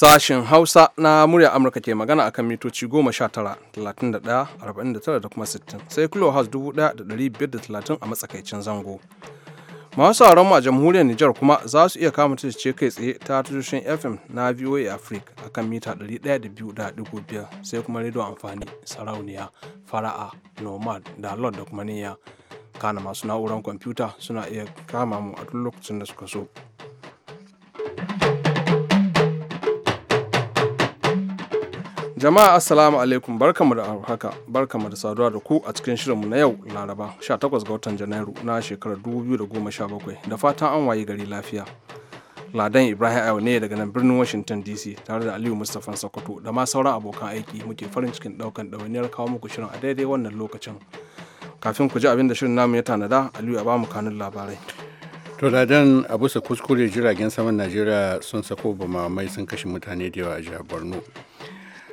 Sashen Hausa na murya Amurka ke magana akan mitoci 19, 31, 49 da kuma 60 sai da 1530 a matsakaicin zango. Masu sauran mu a jamhuriyar Nijar kuma za su iya kama ce kai tsaye ta tushen FM na VOA Africa akan mita 102.5 sai kuma rediyo amfani sarauniya fara'a nomad da lord da kuma niyya kana masu na'urar kwamfuta suna iya kama mu a duk lokacin da suka so Jama'a assalamu alaikum barkamu da haka barkamu da saduwa da ku a cikin shirinmu na yau Laraba 18 ga watan Janairu na shekarar 2017 da fatan an waye gari lafiya. Ladan Ibrahim Ayo ne daga nan birnin Washington DC tare da Aliyu Mustapha Sokoto da ma sauran abokan aiki muke farin cikin daukan ɗawainiyar kawo muku shirin a daidai wannan lokacin. Kafin ku ji abin da shirin namu ya tanada, Aliyu a ba mu kanun labarai. To Ladan a kuskure jiragen saman Najeriya sun sako bama mai sun kashe mutane da yawa a jihar Borno.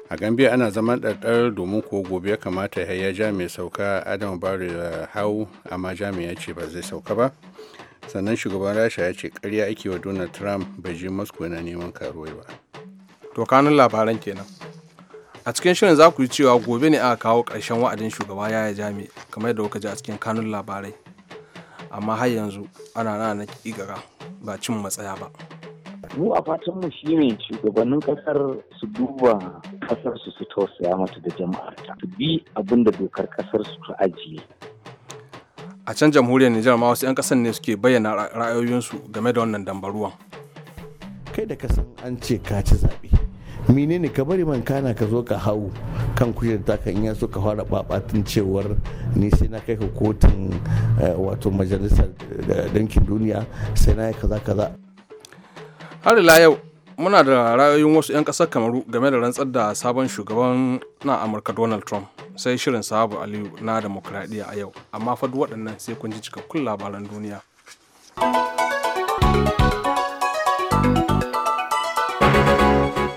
a gambia ana zaman ɗarɗar domin ko gobe ya kamata ya ja mai sauka adam bari da hau amma jami ya ce ba zai sauka ba sannan shugaban rasha ya ce karya ake wa donald trump bai je moscow yana neman karuwai ba to kanun labaran kenan a cikin shirin za ku yi cewa gobe ne aka kawo ƙarshen wa'adin shugaba yaya jami kamar yadda kuka ji a cikin kanun labarai amma har yanzu ana nana na ba cin matsaya ba mu a fatan mu shine shugabannin kasar su duba kasar su su tausaya mata da jama'ar su bi abin da dokar kasar su ta ajiye a can jamhuriyar Nijar ma wasu 'yan kasan ne suke bayyana ra'ayoyinsu game da wannan dambaruwan kai da kasan an ce ka ci zaɓe menene ka bari man kana ka zo ka hau kan ta kan iya so ka fara babatin cewar ni sai na kai ka kotun eh, wato majalisar dankin eh, duniya sai na yi kaza kaza har ila yau muna da ra'ayoyin wasu 'yan ƙasar kamaru game da rantsar da sabon shugaban na amurka donald trump sai shirin sabu aliyu na demokradiyya a yau amma fa waɗannan sai kun ji cikakkun labaran duniya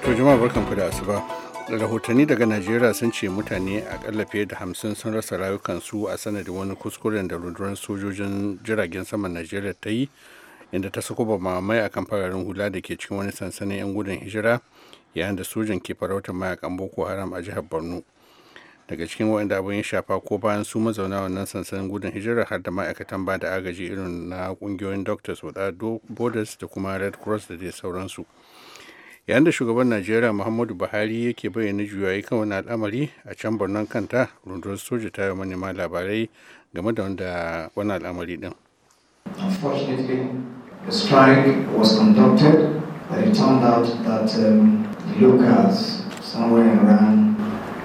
to jama'a barkanku da asuba rahotanni daga najeriya sun ce mutane akalla fiye da hamsin sun rasa rayukansu a sanadin wani kuskuren da rundunar sojojin jiragen saman najeriya ta yi inda ta sukuba mamaye akan fararen hula da ke cikin wani sansanin 'yan gudun hijira yayin da sojan ke farautar mayakan boko haram a jihar borno daga cikin waɗanda abin ya shafa ko bayan su mazauna wannan sansanin gudun hijira har da ma'aikatan ba da agaji irin na ƙungiyoyin doctors without borders da kuma red cross da dai sauransu yayin da shugaban najeriya muhammadu buhari yake bayyana juyayi kan wani al'amari a can birnin kanta rundunar soja ta yi manema labarai game da wanda wani al'amari din. a strike was conducted, but it turned out that um, the locals somewhere around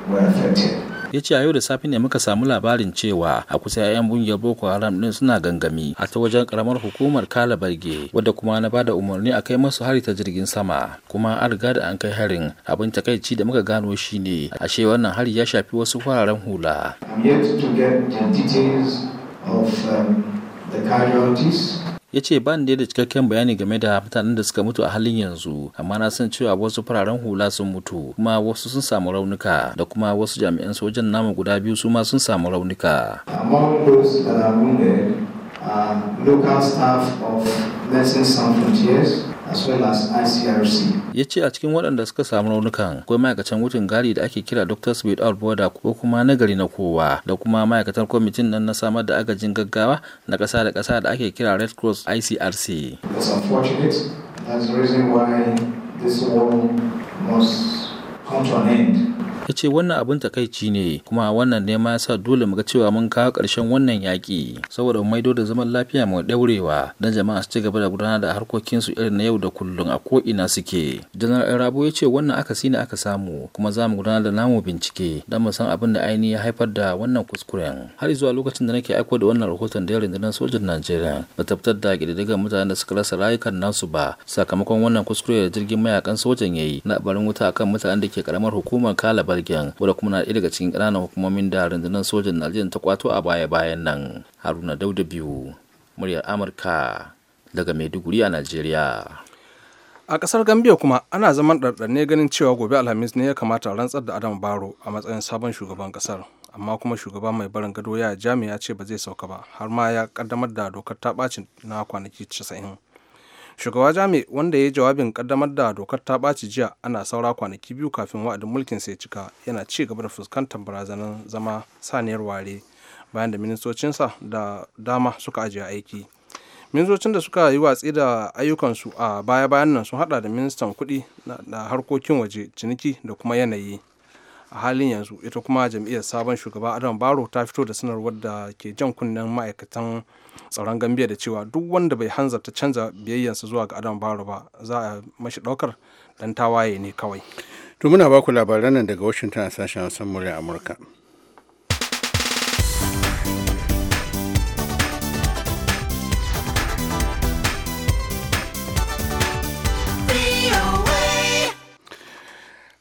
were affected. ya ce a yau da safe ne muka samu labarin cewa a kusa 'ya'yan bungiyar boko haram din suna gangami a ta wajen karamar hukumar kala barge wadda kuma na bada umarni a kai masu hari ta jirgin sama kuma an riga da an kai harin abin takaici da muka gano shi ne ashe wannan hari ya shafi wasu fararen hula. I'm yet to get the details of um, the casualties ya ce ba ni da cikakken bayani game da mutanen da suka mutu a halin yanzu amma na san cewa wasu fararen hula sun mutu kuma wasu sun samu raunuka da kuma wasu jami'an sojan namu guda biyu su ma sun samu raunuka. Among those that are wounded local staff of Blessing Sound Frontiers as well as ICRC. ya ce a cikin waɗanda suka samu raunukan akwai ma'aikacin wucin gari da ake kira dr. without border ko kuma nagari na kowa da kuma ma'aikatar kwamitin nan na samar da agajin gaggawa na ƙasa da ƙasa da ake kira red cross icrc It's unfortunate. That's the reason why this war must come to ya ce wannan abin takaici ne kuma wannan ne ma ya sa dole mu ga cewa mun kawo karshen wannan yaki. saboda mu maido da zaman lafiya mai daurewa dan jama'a su ci gaba da gudanar da harkokin su irin na yau da kullum a ko ina suke janar rabo ya ce wannan akasi ne aka samu kuma za mu gudanar da namu bincike dan mu san abin da ainihi ya haifar da wannan kuskuren har zuwa lokacin da nake aiko da wannan rahoton da rundunar sojan najeriya ba tabbatar da ƙididdigar mutanen da suka rasa rayukan nasu ba sakamakon wannan kuskure da jirgin mayakan sojan ya yi na barin wuta akan mutanen da ke karamar hukumar kalaba bargen wadda kuma na ɗaya daga cikin ƙananan hukumomin da rundunar sojan najeriya ta kwato a baya bayan nan haruna dauda biyu muryar amurka daga maiduguri a najeriya a ƙasar gambia kuma ana zaman ɗarɗarne ganin cewa gobe alhamis ne ya kamata rantsar da adam baro a matsayin sabon shugaban ƙasar amma kuma shugaban mai barin gado ya jami ya ce ba zai sauka ba har ma ya kaddamar da dokar ta bacin na kwanaki 90 shugaba jami wanda ya yi jawabin kaddamar da dokar ta ɓaci jiya ana saura kwanaki biyu kafin wa'adin mulkin sai cika yana ci gaba da fuskantar barazanar zama saniyar ware bayan da ministocinsa da dama suka ajiye aiki ministocin da suka yi watsi da ayyukansu a baya-bayan nan sun hada da ministan kuɗi da harkokin waje ciniki da kuma yanayi a halin yanzu ita kuma jam'iyyar sabon shugaba adam baro ta fito da sanarwar da ke jan kunnen ma'aikatan tsaron gambia da cewa duk wanda bai hanzarta canza biyayyarsa zuwa ga adam baro ba za a mashi ɗaukar dan tawaye ne kawai to muna baku labaran nan daga washington a sashen hausan murya amurka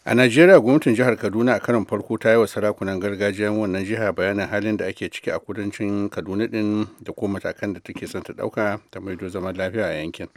a najeriya gwamnatin jihar kaduna a karin farko ta yi wa sarakunan gargajiyar wannan jiha bayanin halin da ake ciki a kudancin kaduna din da kuma matakan da take son ta dauka ta maido zaman lafiya a yankin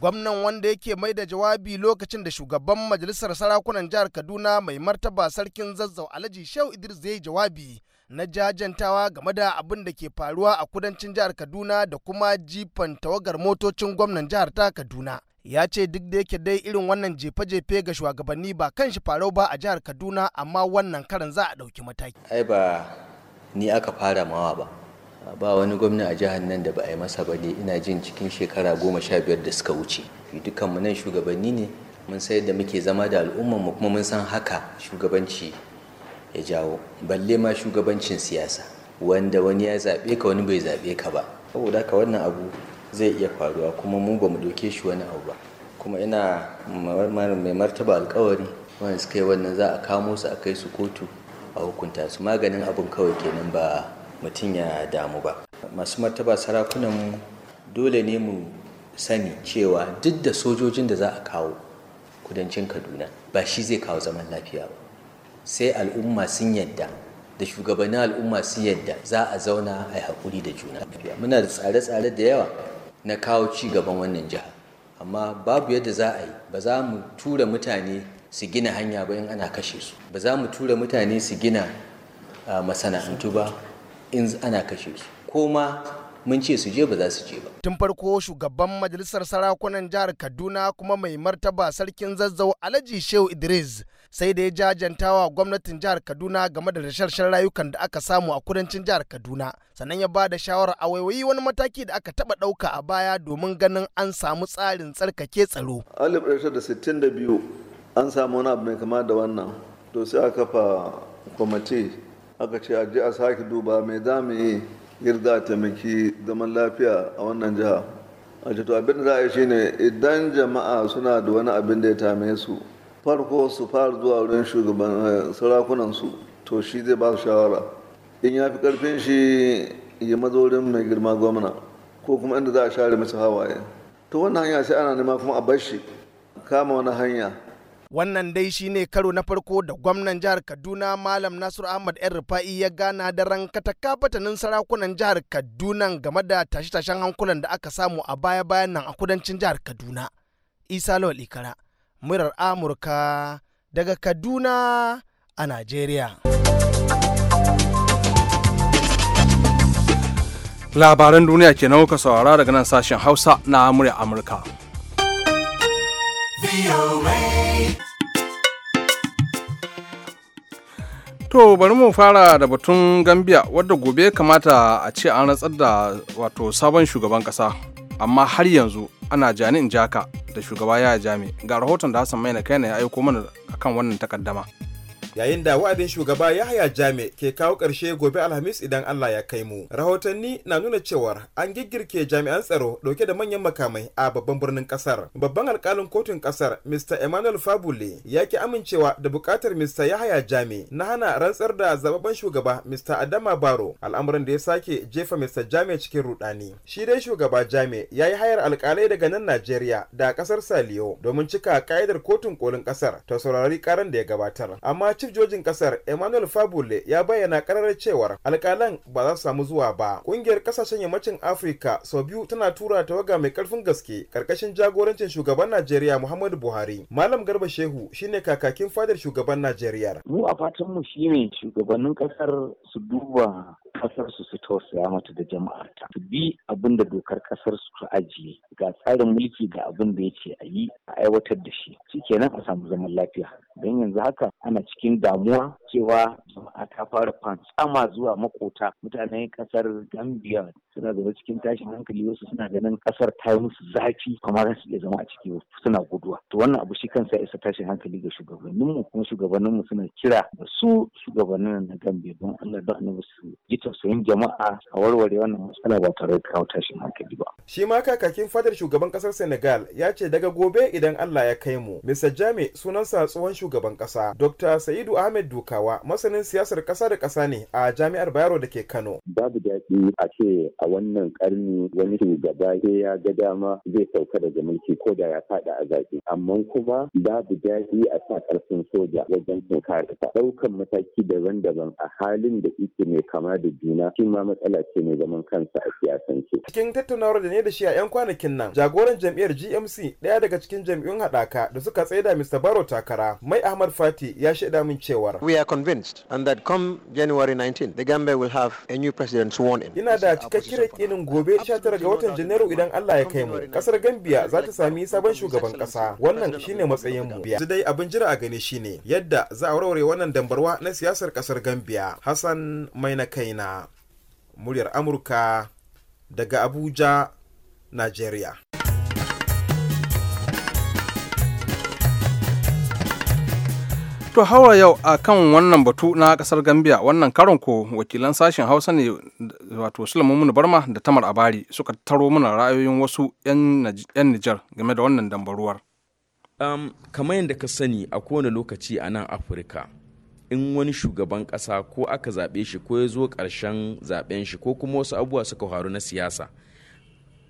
gwamnan wanda yake mai da jawabi lokacin da shugaban majalisar sarakunan jihar kaduna mai martaba sarkin zazzau alhaji shehu idris zai jawabi na jajantawa game da abin da ke faruwa a kudancin jihar kaduna da kuma jifan tawagar motocin gwamnan jihar ta kaduna ya ce duk da yake dai irin wannan jefe-jefe ga shugabanni ba kan shi farau ba a jihar kaduna amma wannan karan za a ɗauki mataki ai ba ni aka fara mawa ba ba wani gwamna a jihar nan da ba a yi masa ba ne ina jin cikin shekara goma sha biyar da suka wuce dukkan mu nan shugabanni ne mun sai da muke zama da al'umman mu kuma mun san haka shugabanci ya jawo balle ma shugabancin siyasa wanda wani ya zaɓe ka wani bai zaɓe ka ba saboda ka wannan abu zai iya faruwa kuma mu ba mu doke shi wani abu ba kuma ina mai martaba alkawari wanda suka yi wannan za a kamo su a kai su kotu a hukunta su maganin abin kawai kenan ba mutum ya damu ba masu martaba sarakunan mu dole ne mu sani cewa duk da sojojin da za a kawo kudancin kaduna ba shi zai kawo zaman lafiya ba sai al'umma sun yadda da shugabannin al'umma sun yadda za a zauna a yi haƙuri da juna muna da tsare-tsare da yawa na kawo ci gaban wannan jiha amma babu yadda za a yi ba za mu tura mutane su gina hanya ba in ana kashe su ba za mu tura mutane su gina ah, masana'antu ba in ana kashe su ko ma mun ce su je ba za su je ba. Tun farko shugaban majalisar sarakunan jihar Kaduna kuma mai martaba sarkin zazzau Alhaji Shehu Idris sai da ya jajanta wa gwamnatin jihar Kaduna game da rasharshen rayukan da aka samu a kudancin jihar Kaduna. Sannan ya ba da shawarar a waiwayi wani mataki da aka taba ɗauka a baya domin ganin an samu tsarin tsarkake tsaro. an samu wani abu mai kama da wannan. To sai aka kafa kwamiti aka ce a je a sake duba mai za mu yi yadda a taimaki zaman lafiya a wannan jiha a to abin da za a yi shine idan jama'a suna da wani abin da ya tame su farko su fara zuwa wurin shugaban eh, sarakunan to shi zai ba su shawara in ya fi karfin shi ya mazo wurin mai girma gwamna ko kuma inda za a share masa hawaye to wannan hanya sai ana nema kuma a bar shi kama wani hanya Wannan dai shi ne karo na farko da gwamnan jihar Kaduna Malam Nasiru Ahmad ‘yan Rufa'i ya gana da rankata kafatanin sarakunan jihar Kaduna game da tashe-tashen hankulan da aka samu a baya-bayan nan a kudancin jihar Kaduna. Isa Lawal Ikara, murar Amurka daga Kaduna a Najeriya. Labaran duniya ke nan kuka saurara daga nan sashen Hausa na Amurka. Amurka. To bari mu fara da batun Gambia wadda gobe ya kamata a ce an ratsar da wato sabon shugaban kasa amma har yanzu ana jani in jaka da shugaba ya jami ga rahoton da Hassan Maina kai ya aiko mana akan wannan takaddama. yayin da wa'adin shugaba Yahaya jami ke kawo ƙarshe gobe Alhamis idan Allah ya kai mu. Rahotanni na nuna cewar an giggirke jami'an tsaro dauke da manyan makamai a babban birnin kasar. Babban alkalin kotun kasar Mr. Emmanuel Fabule ya ki amincewa da bukatar Mr. Yahaya jami na hana rantsar da zababben shugaba Mr. Adama Baro al'amuran da ya sake jefa Mr. jami cikin rudani. Shi dai shugaba jami ya yi hayar alkalai daga nan Najeriya da kasar Saliyo domin cika ka'idar kotun kolin kasar ta saurari karan da ya gabatar. Amma chief jojin kasar emmanuel fabule ya bayyana kararar cewar alƙalan ba za su samu zuwa ba kungiyar kasashen yammacin afirka sau biyu tana tura tawaga mai karfin gaske karkashin jagorancin shugaban najeriya muhammadu buhari malam garba shehu shine kakakin fadar shugaban najeriya mu a fatan mu shine shugabannin kasar su duba kasar su su tausaya mata da jama'ar ta su bi abin da dokar kasar su ta ajiye ga tsarin mulki ga abin da yake a yi a aiwatar da shi shikenan a samu zaman lafiya don yanzu haka ana cikin damuwa cewa jama'a ta fara fantsama zuwa makota mutanen kasar Gambia suna zama cikin tashin hankali wasu suna ganin kasar ta yi musu zafi kuma za su iya zama a ciki suna guduwa to wannan abu shi kansa isa tashin hankali ga shugabanninmu kuma shugabanninmu suna kira da su shugabannin na gambe don Allah don annabi su ji tausayin jama'a a warware wannan matsala ba tare da kawo tashin hankali ba shi ma kakakin fadar shugaban kasar Senegal ya ce daga gobe idan Allah ya kai mu Mr. Jami, sunansa tsohon shugaban kasa Dr. Sa'idu Ahmed Dukawa masanin siyasar kasa da kasa ne a Jami'ar Bayero da ke Kano babu daɗi a a wannan karni wani shugaba sai ya ga dama zai sauka daga mulki ko da ya fada a zaɓe amma kuma babu daɗi a sa ƙarfin soja wajen tunkarar ɗaukan mataki daban-daban a halin da ike mai kama da juna shi ma matsala ce mai zaman kansa a siyasance. cikin tattaunawar da ne da shi a 'yan kwanakin nan jagoran jam'iyyar gmc ɗaya daga cikin jam'iyyun haɗaka da suka tsaida mr baro takara mai ahmad fati ya shaida min cewar. we are convinced and that come january 19 the gambia will have a new president sworn in. ina da cikakken shirin kinin gobe 19 ga watan Janairu idan Allah ya kai mu. Kasar Gambia za ta sami sabon shugaban kasa. Wannan shine matsayin mu. Yanzu dai abin jira a gani shine yadda za a warware wannan dambarwa na siyasar kasar Gambia. Hassan Maina Kaina. Muryar Amurka daga Abuja, Nigeria. To haura yau a kan wannan batu na kasar Gambia wannan karon ko wakilan sashen Hausa ne wato Sulaiman Barma da Tamar Abari suka taro mana ra'ayoyin wasu 'yan Nijar game da wannan dambaruwar. Um, kamar yadda ka sani a kowane lokaci a nan Afirka in wani shugaban kasa ko aka zaɓe shi ko ya zo ƙarshen zaɓen shi ko kuma wasu abubuwa suka faru na siyasa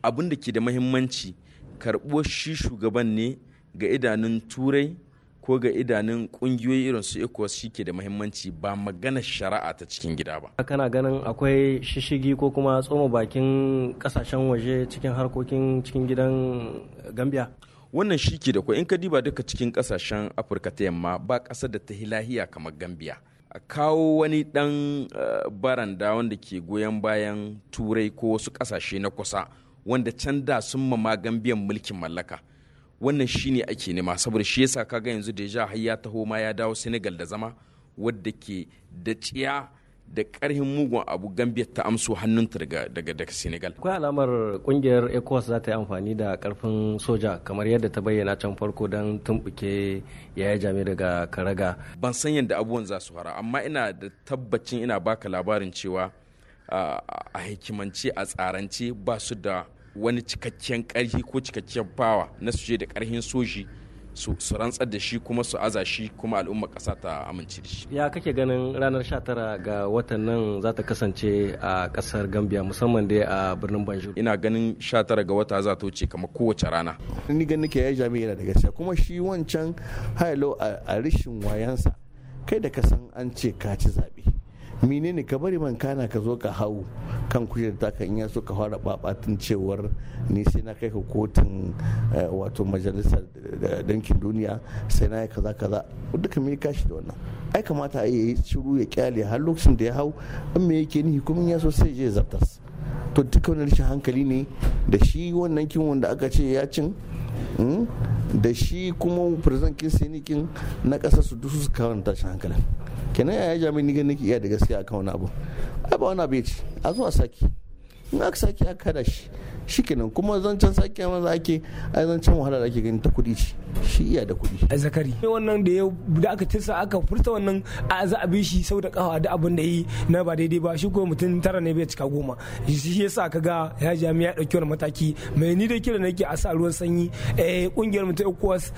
abin da ke da mahimmanci karɓuwar shi shugaban ne ga idanun turai ko ga idanun kungiyoyi irin su ECOWAS shi da mahimmanci ba magana shari'a ta cikin gida ba. Kana ganin akwai shishigi ko kuma tsoma bakin kasashen waje cikin harkokin cikin gidan Gambia? wannan shi ke da kwai in ka diba duka cikin kasashen afirka ta yamma ba kasa da ta lahiya kamar gambia a kawo wani ɗan eh, baranda wanda ke goyon bayan turai ko wasu kasashe na kusa wanda can da sun mama gambiyan mulkin mallaka wannan shine ake nema saboda shi yasa kaga yanzu deja har ya taho ma ya dawo Senegal da zama wadda ke da tsiya da karhin mugun abu gambia ta amso hannunta daga daga daga senegal akwai alamar kungiyar ecowas za ta yi amfani da karfin soja kamar yadda ta bayyana can farko don tumbuke yi jami daga karaga ban san yadda abubuwan za su fara amma ina da tabbacin ina baka labarin cewa a hikimance a tsarance ba su da wani cikakken ƙarfi ko cikakken bawa na su je da ƙarfin soji su rantsar da shi kuma su aza shi kuma al'ummar ƙasa ta amince da shi. Ya kake ganin ranar 19 ga watan nan za ta kasance a ƙasar Gambia musamman dai a birnin Banjul. Ina ganin 19 ga wata za ta wuce kamar kowace rana. Ni ganin ke ya yana da gaskiya kuma shi wancan hailo a rishin wayansa kai da ka an ce ka ci zaɓe. menene ka bari man kana ka zo ka hau kan kujerar taka in ya so ka fara babatin cewar ni sai na kai ka kotun eh, wato majalisar dinkin eh, duniya sai na yi kaza kaza duka me shi da wannan ai kamata a yi shiru ya kyale har lokacin da ya hau in me yake ni hukumin ya so sai je zabtas to duka wani rashin hankali ne da shi wannan kin wanda aka ce ya cin hmm? da shi kuma firzan kin sinikin na kasarsu su dusu su kawo tashin hankali. kenan jami jami'in nigan ki iya da gaskiya akan wani abu ai ba wani abu ya a zuwa a saki in aka saki aka kada shi shikenan kuma zancen sake maza ake ai zancen wahala da ake gani ta kudi ce shi iya da kudi. a zakari wannan da yau da aka tisa aka furta wannan a za a bi shi sau da kawa da abin da yi na ba daidai ba shi ko mutum tara ne bai cika goma shi sa ka ga ya jami'a ya dauki wani mataki mai ni da kira nake a sa ruwan sanyi kungiyar eh, mutum ecowas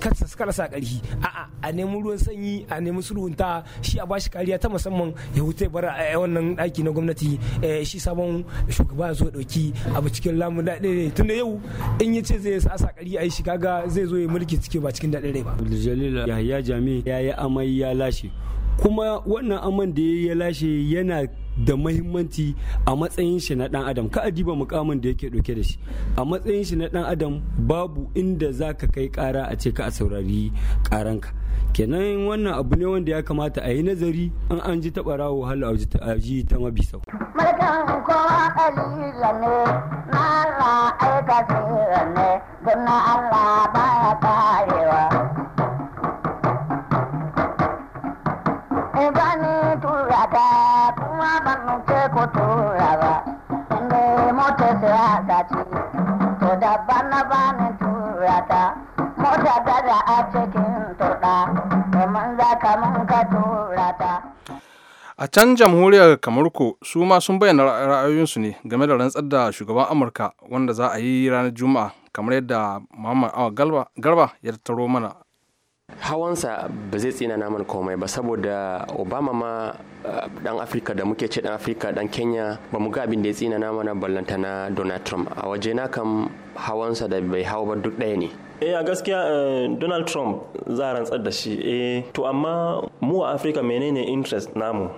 kasa eh, kara sa karfi a'a a nemi ruwan sanyi a nemi sulhunta shi a bashi kariya ta musamman ya hutai bar eh, wannan daki na gwamnati shi sabon shugaba ya zo dauki abu cikin lamun daɗe ne tunda yau in ya ce zai sa sakari a yi shi kaga zai zo ya mulki cike ba cikin daɗe ne ba. Jalil Yahya Jami ya yi amai ya lashe kuma wannan aman da ya lashe yana da mahimmanci a matsayin shi na dan adam ka adiba mukamin da yake dauke da shi a matsayin shi na dan adam babu inda za ka kai kara a ce ka a saurari karanka kenan wannan abu ne wanda ya kamata a yi nazari an an ji taɓa rawo aji a ji ta mabi sau. Allah aika sirrin ne don Allah baya karewa Ibani tura ta kuma ban ce ko tura ba inda mota siyasa ce to daban na bani tura ta mota da a cikin turɗa domin za ka mun ka tura ta a can jamhuriyar kamarko su ma sun bayyana ra'ayoyinsu ne game da rantsar da shugaban amurka wanda za a yi ranar juma'a kamar yadda muhammad awa garba ya taro mana hawansa ba zai tsina naman komai ba saboda obama ma dan eh, afirka da muke ce dan afirka dan kenya ba mu ga abin da ya tsina naman na ballanta na donald trump a waje na kam hawansa da bai hau ba duk ɗaya ne eh a gaskiya eh, donald trump za a rantsar da shi eh to amma mu a afirka menene interest namu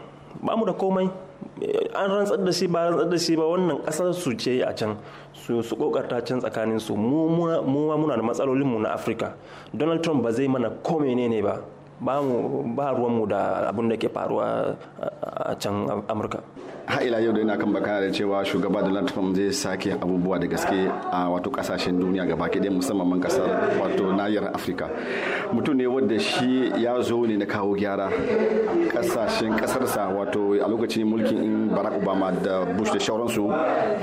ba mu da komai an rantsar da shi ba rantsar da shi ba wannan kasar su ce a can su su kokarta can tsakanin su mu ma muna da matsalolin mu na Afirka Donald Trump ba zai mana ko ne ba ba mu ba ruwan mu da abin da ke faruwa a can Amurka ila yau da yana kan bakana da cewa shugaba donald trump zai sake abubuwa da gaske a wato kasashen duniya gaba ke musamman man kasar wato nahiyar afirka mutum ne wadda shi ya zo ne na kawo gyara kasashen kasarsa wato a lokacin mulkin in barack obama da bush da shauransu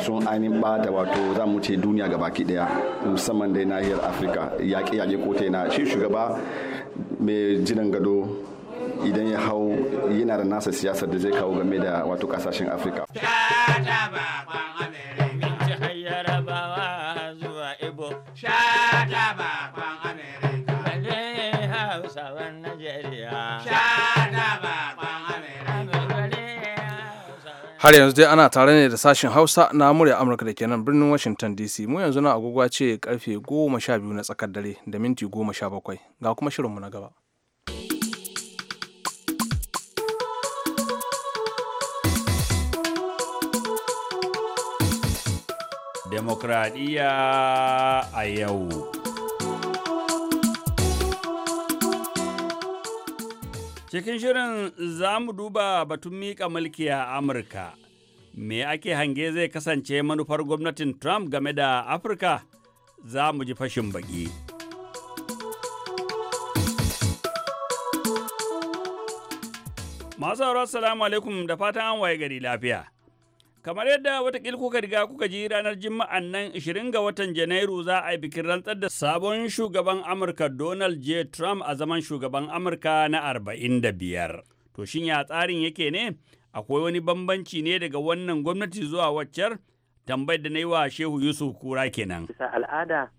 sun ainihin bata wato za mu ce duniya gaba ke daya musamman da nahiyar afirka yaƙe-yaƙe ko na shi shugaba mai jinan gado idan ya hau yana da nasa siyasar da zai kawo game da wato kasashen afirka har yanzu dai ana tare ne da sashen hausa na murya amurka da kenan birnin washington dc mu yanzu na agogwa ce karfe 12 na tsakar dare da minti 17 ga kuma shirinmu na gaba demokradiyya a yau. Cikin shirin za mu duba batun miƙa mulki a Amurka. Me ake hange zai kasance manufar gwamnatin Trump game da Afirka? Za mu ji fashin baki. Masu sauraro salamu alaikum da fatan an waye gari lafiya. Kamar yadda watakil kuka riga kuka ji ranar Juma'an nan 20 ga watan Janairu za a yi bikin rantsar da sabon shugaban Amurka Donald J. Trump a zaman shugaban Amurka na 45. To shin ya tsarin yake ne? Akwai wani bambanci ne daga wannan gwamnati zuwa waccar? Tambayar da na yi wa Shehu Yusuf Kura kenan. Bisa al'ada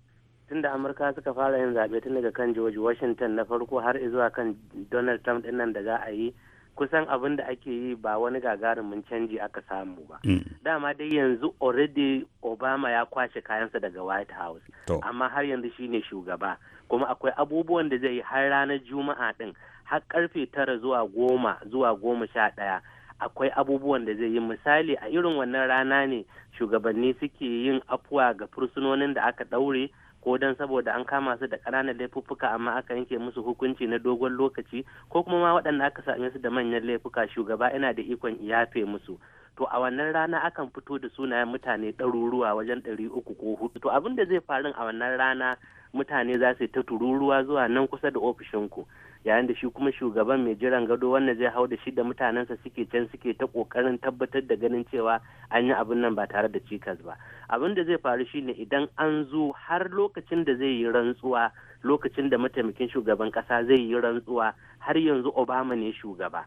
tunda Amurka suka fara yin zaɓe tun daga kan George Washington na farko har zuwa kan Donald Trump ɗin nan da za a yi. kusan abin da ake yi ba wani gagarumin canji aka samu ba. Mm. Dama dai yanzu already Obama ya kwashe kayansa daga White House, amma har yanzu shine shugaba. Kuma akwai abubuwan da zai yi har ranar Juma'a ɗin, har karfe tara zuwa goma zuwa goma sha ɗaya. Akwai abubuwan da zai yi misali a irin wannan rana ne shugabanni suke yin afuwa ga fursunonin da aka ɗaure ko dan saboda an kama su da ƙananan laifuffuka amma aka yanke musu hukunci na dogon lokaci ko kuma ma waɗanda aka same su da manyan laifuka shugaba yana da ikon iyafe musu to a wannan rana akan fito da sunayen mutane ɗaruruwa wajen ɗari uku ko hudu to abin da zai faru a wannan rana mutane za su ta tururuwa zuwa nan kusa da ofishinku yayin da shi kuma shugaban mai jiran gado wanda zai hau da shi da mutanensa suke can suke ta kokarin tabbatar da ganin cewa an yi abin nan ba tare da cikas ba abin da zai faru shine idan an zo har lokacin da zai yi rantsuwa lokacin da mataimakin shugaban kasa zai yi rantsuwa har yanzu obama ne shugaba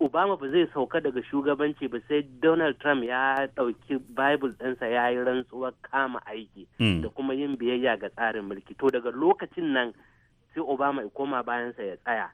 Obama ba zai sauka daga shugabanci ba sai Donald Trump ya dauki Bible ɗinsa ya yi rantsuwar kama aiki hmm. da kuma yin biyayya ga tsarin mulki. To daga lokacin nan sai obama ya koma bayansa ya tsaya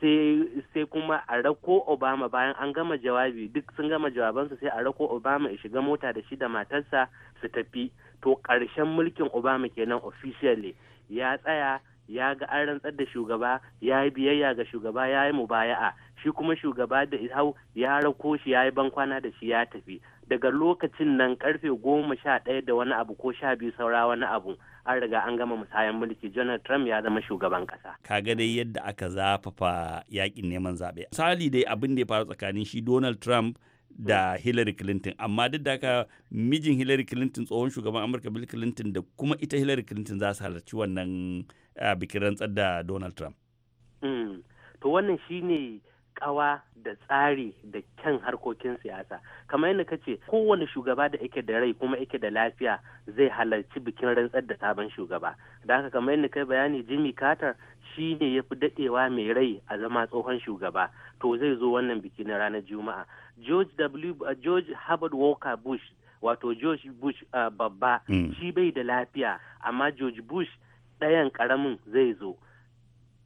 sai kuma a rako obama bayan an gama jawabi duk sun gama jawabansa sai a rako obama ya shiga mota da shi da matarsa su tafi to ƙarshen mulkin obama kenan officially ya tsaya ya ga an rantsar da shugaba ya yi biyayya ga shugaba ya yi mubaya'a shi kuma shugaba da hau ya rako shi ya yi bankwana da shi ya tafi daga lokacin nan karfe goma sha ɗaya da wani abu ko sha biyu saura wani abu an riga an gama musayan mulki Donald Trump ya zama shugaban kasa. Kaga dai yadda aka zafafa yakin neman zaɓe. Sali dai abin da ya faru tsakanin shi Donald Trump da Hillary Clinton amma duk da haka mijin Hillary Clinton tsohon shugaban Amurka Bill Clinton da kuma ita Hillary Clinton za su halarci wannan eh, bikin rantsar da Donald Trump. Mm. To wannan shine kawa da tsari da kyan harkokin siyasa kamar yadda ka ce kowane shugaba da yake da rai kuma yake da lafiya zai halarci bikin rantsar da sabon shugaba da haka kamar yadda kai bayani jimmy carter shi ne ya fi daɗewa mai rai a zama tsohon shugaba to zai zo wannan biki na ranar juma'a george w uh, george herbert walker bush wato george bush uh, babba mm. shi bai da lafiya amma george bush ɗayan ƙaramin zai zo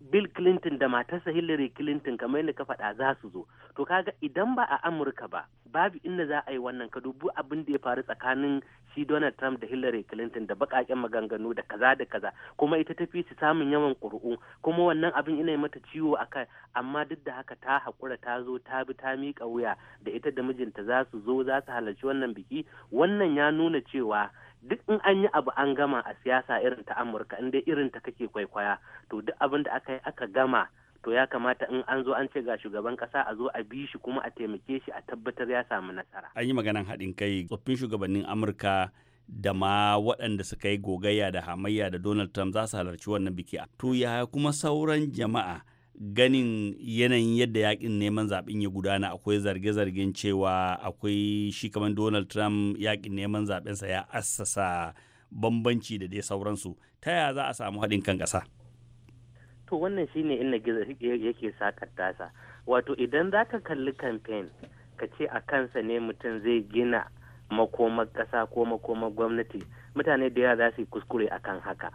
bill clinton da matarsa hillary clinton kamar yadda ka faɗa za su zo to kaga idan ba a amurka ba babu inda za a yi wannan ka dubu abin da ya faru tsakanin shi donald trump da hillary clinton da baƙaƙen maganganu da kaza da kaza kuma ita ta fi su samun yawan ƙuri'u kuma wannan abin ina mata ciwo a kai amma duk da haka ta haƙura ta zo ta bi ta miƙa wuya da ita da mijinta za su zo za su halarci wannan biki wannan ya nuna cewa duk in an yi abu an gama a siyasa irin ta amurka in dai irin ta kake kwaikwaya to duk abin da aka yi aka gama to ya kamata in an zo an ce ga shugaban kasa a zo a bi shi kuma a taimake shi a tabbatar ya samu nasara an yi maganan haɗin kai tsoffin shugabannin amurka da ma waɗanda suka yi gogayya da hamayya da donald trump za su halarci wannan biki to ya kuma sauran jama'a ganin yanayin yadda yakin neman zaɓen ya gudana akwai zarge-zargen cewa akwai shi kamar donald trump yakin neman zaɓensa ya assasa bambanci da dai sauransu ta yaya za a samu haɗin kan ƙasa to wannan shine inda yake sakar tasa wato idan za ka kalli kamfen ka ce a kansa ne mutum zai gina makomar ƙasa ko makomar gwamnati mutane da yawa za su yi kuskure akan haka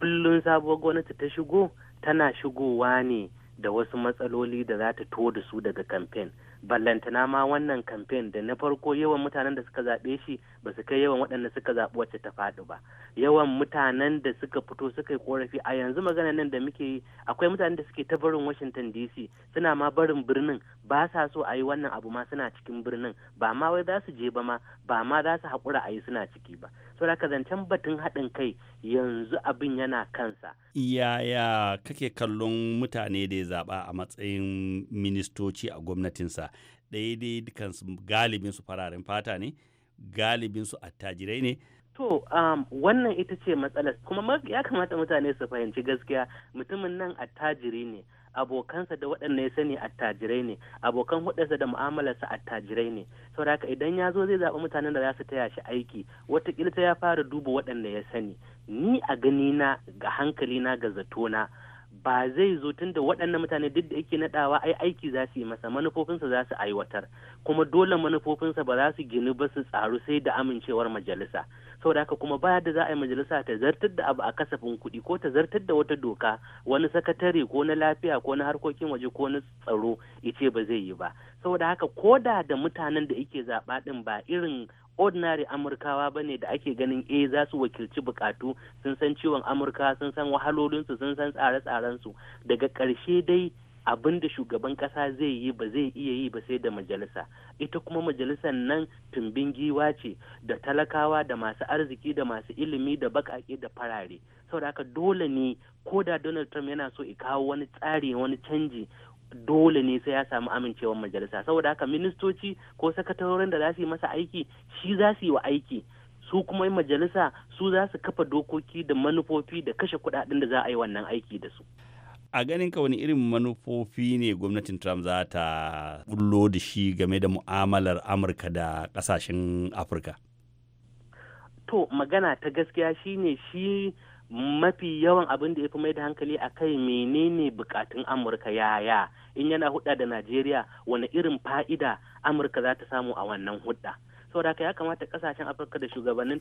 kullum sabuwar gwamnati ta shigo tana shigowa ne da wasu matsaloli da za ta to da su daga kamfen ballantana ma wannan kamfen da na farko yawan mutanen da suka zaɓe shi ba su kai yawan waɗanda suka zaɓi wacce ta faɗi ba yawan mutanen da suka fito suka yi korafi a yanzu magana nan da muke yi akwai mutanen da suke ta barin washington dc suna ma barin birnin ba sa so a yi wannan abu ma suna cikin birnin ba ma wai za su je ba ma ba ma za su haƙura a yi suna ciki ba saboda da zancen batun haɗin kai yanzu abin yana kansa yaya kake kallon mutane da ya zaɓa a matsayin ministoci a gwamnatinsa daidai dukansu galibin su fararen fata ne galibinsu attajirai ne To, um, wannan ita ce matsalar kuma ya kamata mutane su fahimci gaskiya mutumin nan attajiri ne, abokansa da waɗanda ya sani attajirai ne, abokan hudarsa da mu'amalarsa attajirai ne. Saboda idan ya zo zai zaɓi mutanen da za su taya shi aiki, watakila ta ya fara duba waɗanda ya sani. Ni a ganina ga hankalina ga zatona. na ba zai zo tun da waɗannan mutane duk da yake naɗawa ai aiki za su yi masa manufofinsa za su aiwatar kuma dole manufofinsa ba za su gini ba su tsaru sai da amincewar majalisa saboda haka kuma baya da za a yi majalisa ta zartar da abu a kasafin kuɗi ko ta zartar da wata doka wani sakatare ko na lafiya ko na harkokin waje ko na tsaro ya ce ba zai yi ba saboda haka ko da da mutanen da yake zaɓa ɗin ba irin ordinary amurkawa ba ne da ake ganin eh za su wakilci bukatu sun san ciwon amurka sun san wahalolinsu sun san tsare-tsarensu daga ƙarshe dai abin da shugaban ƙasa zai yi ba zai iya yi ba sai da majalisa ita kuma majalisar nan tumbin giwa ce da talakawa da masu arziki da masu ilimi da bakake da farare saboda haka dole ne ko da donald trump yana so ya kawo wani tsari wani canji dole ne sai ya samu amincewar majalisa saboda haka ministoci ko sakatarorin da za su yi masa aiki shi za su yi wa aiki su kuma majalisa su za su kafa dokoki da manufofi da kashe kudaden da za a yi wannan aiki da su a ganin ka wani irin manufofi ne gwamnatin trump za ta bullo da shi game da mu'amalar amurka da kasashen afirka to magana ta gaskiya shine shi mafi yawan abin da ya fi mai da hankali a kai menene bukatun amurka yaya in yana hudda da najeriya wani irin fa'ida amurka za ta samu a wannan hudda saboda haka ya kamata kasashen afirka da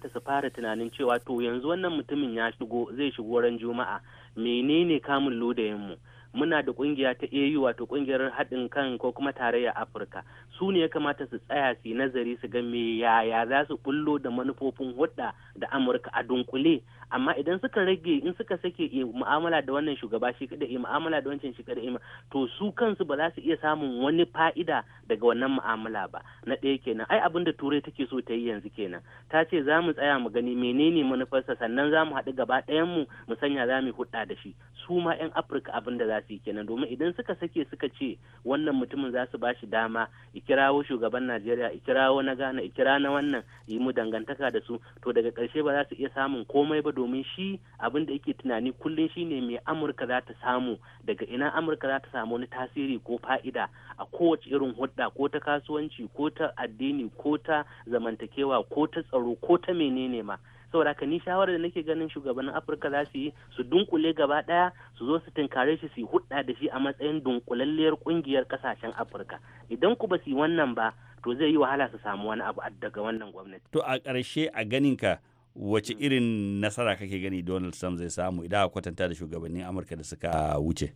ta su fara tunanin cewa to yanzu wannan mutumin ya shigo zai shigo ran juma'a menene kamun mu muna da kungiya ta AU wato kungiyar haɗin kan ko kuma tarayyar Afirka su ne ya kamata su tsaya su nazari su ga me yaya za su bullo da manufofin hudda da Amurka a dunkule amma idan suka rage in suka sake mu'amala da wannan shugaba shi kada yi mu'amala da wancan shi kada yi to su kansu ba za su iya samun wani fa'ida daga wannan mu'amala ba na ɗaya kenan ai abin da turai take so ta yi yanzu kenan ta ce za mu tsaya mu gani menene manufarsa sannan za mu haɗu gaba ɗayan mu mu sanya za mu hudda da shi su ma 'yan afirka abinda da za su yi kenan domin idan suka sake suka ce wannan mutumin za su ba shi dama ya kirawo shugaban najeriya ya na ghana ya na wannan yi mu dangantaka da su to daga ƙarshe ba za su iya samun komai ba domin shi abin da yake tunani kullum shine mai amurka za ta samu daga ina amurka za ta samu wani tasiri ko fa'ida a kowace irin hudda ko ta kasuwanci ko ta addini ko ta zamantakewa ko ta tsaro ko ta menene ma saboda haka ni shawarar da nake ganin shugabannin afirka za su yi su dunkule gaba daya su zo su tunkare shi su hudda da shi a matsayin dunkulalliyar kungiyar kasashen afirka idan ku ba su yi wannan ba to zai yi wahala su samu wani abu daga wannan gwamnati to a ƙarshe a ganin ka wace irin nasara kake gani donald trump zai samu idan a kwatanta da shugabannin amurka da suka wuce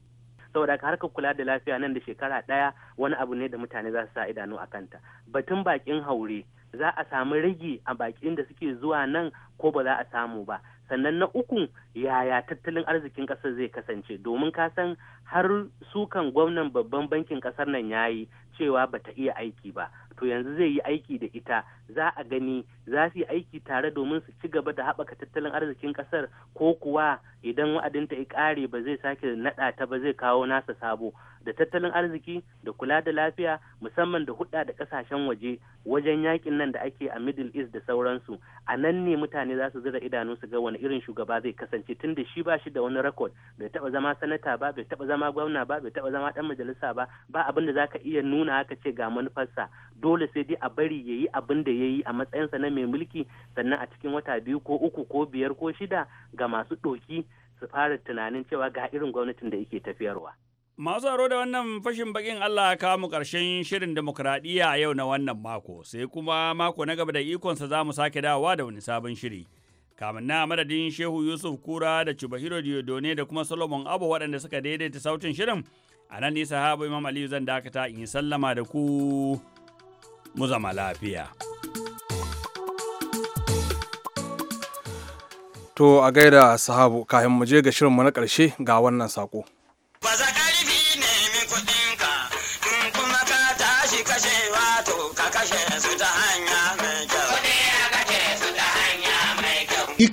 saboda ka harkar kula da lafiya nan da shekara ɗaya wani abu ne da mutane za su sa idanu a kanta batun bakin haure za a samu rage a bakin da suke zuwa nan ko ba za a samu ba sannan na uku yaya tattalin arzikin ƙasar zai kasance domin ka san har sukan gwamnan babban bankin ƙasar nan yayi cewa bata iya aiki ba to yanzu zai yi aiki da ita za a gani za su yi aiki tare domin su ci gaba da haɓaka tattalin arzikin ƙasar ko kuwa idan wa'adinta ya ƙare ba zai sake naɗa ta ba zai kawo nasa sabo da tattalin arziki da kula da lafiya musamman da hudda da kasashen waje wajen yakin nan da ake a middle east da sauransu a nan ne mutane za su zira idanu su ga wani irin shugaba zai kasance tun da shi ba shi da wani record bai taɓa zama sanata ba bai taɓa zama gwamna ba bai taɓa zama ɗan majalisa ba ba abin da za ka iya nuna nuna aka ce ga manufarsa dole sai dai a bari ya yi abin da ya yi a matsayinsa na mai mulki sannan a cikin wata biyu ko uku ko biyar ko shida ga masu doki su fara tunanin cewa ga irin gwamnatin da yake tafiyarwa. Masu aro da wannan fashin bakin Allah ya kawo mu ƙarshen shirin demokuraɗiyya a yau na wannan mako, sai kuma mako na gaba da ikonsa za mu sake dawowa da wani sabon shiri. Kamin na madadin Shehu Yusuf Kura da Cibahiro Diodone da kuma Solomon Abu waɗanda suka daidaita sautin shirin, a nan nisa habu imam aliyu zan dakata in yi sallama da ku mu zama lafiya to a gaida sahabu kafin mu je ga shirinmu na ƙarshe ga wannan saƙo.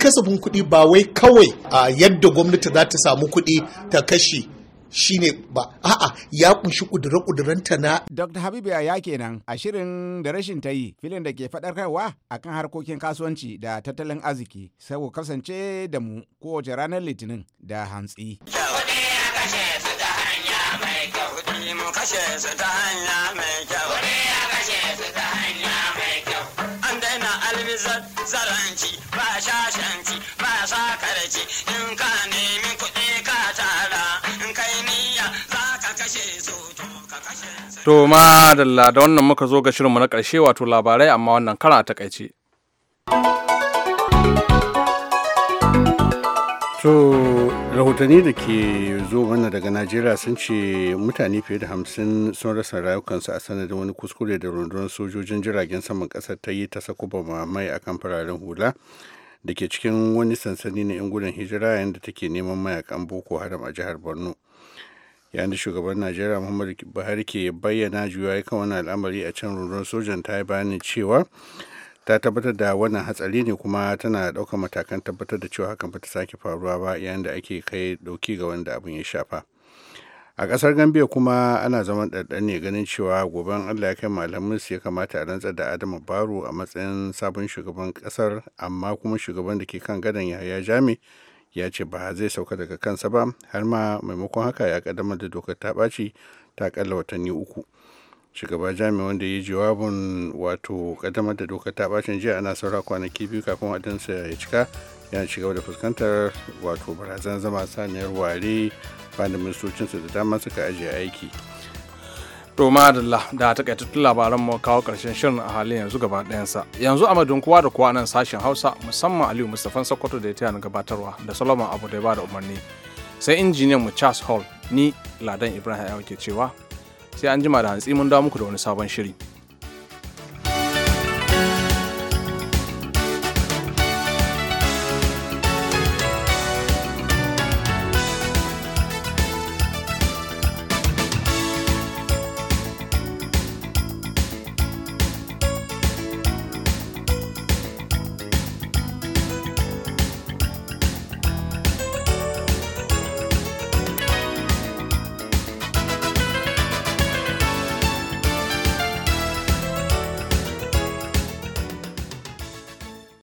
kasafin kuɗi ba wai kawai a yadda gwamnati za ta samu kuɗi ta kashe Shi ne ba a'a ya kunshi kudura ta na Dr. Habibu ya kenan a shirin da rashin ta yi filin da ke faɗarkarwa akan harkokin kasuwanci da tattalin arziki sai ku kasance da mu kowace ranar litinin da hantsi. An daina zaranci To ma da wannan muka zo ga shirinmu na ƙarshe wato labarai amma wannan kara a takaice. To rahotanni da ke zo mana daga Najeriya sun ce mutane fiye da hamsin sun rasa rayukansu a sanadin wani kuskure da rundunar sojojin jiragen saman ƙasar ta yi ta sako mai akan fararen hula da ke cikin wani sansani na 'yan gudun hijira yadda take neman mayakan Boko Haram a jihar Borno. yayin da shugaban najeriya muhammadu buhari ke bayyana ya kan wani al'amari a can rundunar sojan ta yi bayanin cewa ta tabbatar da wannan hatsari ne kuma tana ɗaukar matakan tabbatar da cewa hakan bata sake faruwa ba yayin da ake kai dauki ga wanda abin ya shafa a kasar gambia kuma ana zaman ɗanɗan ne ganin cewa goben allah ya kai malamin su ya kamata a rantsar da adamu baro a matsayin sabon shugaban ƙasar amma kuma shugaban da ke kan gadon yahaya jami ya ce ba zai sauka daga kansa ba har ma maimakon haka ya kaddamar da dokar ta ɓaci ta kalla watanni uku shugaba jami wanda ya yi jawabin wato kaddamar da dokar ta ɓacin jiya ana saura kwanaki biyu kafin wadansa ya cika yana shiga da fuskantar wato barazan zama saniyar ware ba da ministocinsa da dama suka ajiye aiki to Adalla da takaitattun labaran mu kawo karshen shirin a halin yanzu gaba ɗayansa yanzu a madun kowa da kowa nan sashen hausa musamman aliyu mustafan sokoto da ya ni gabatarwa da solomon abu da ya bada umarni sai injiniyan mu charles hall ni ladan ibrahim ke cewa sai an jima da hantsi mun dawo muku da wani sabon shiri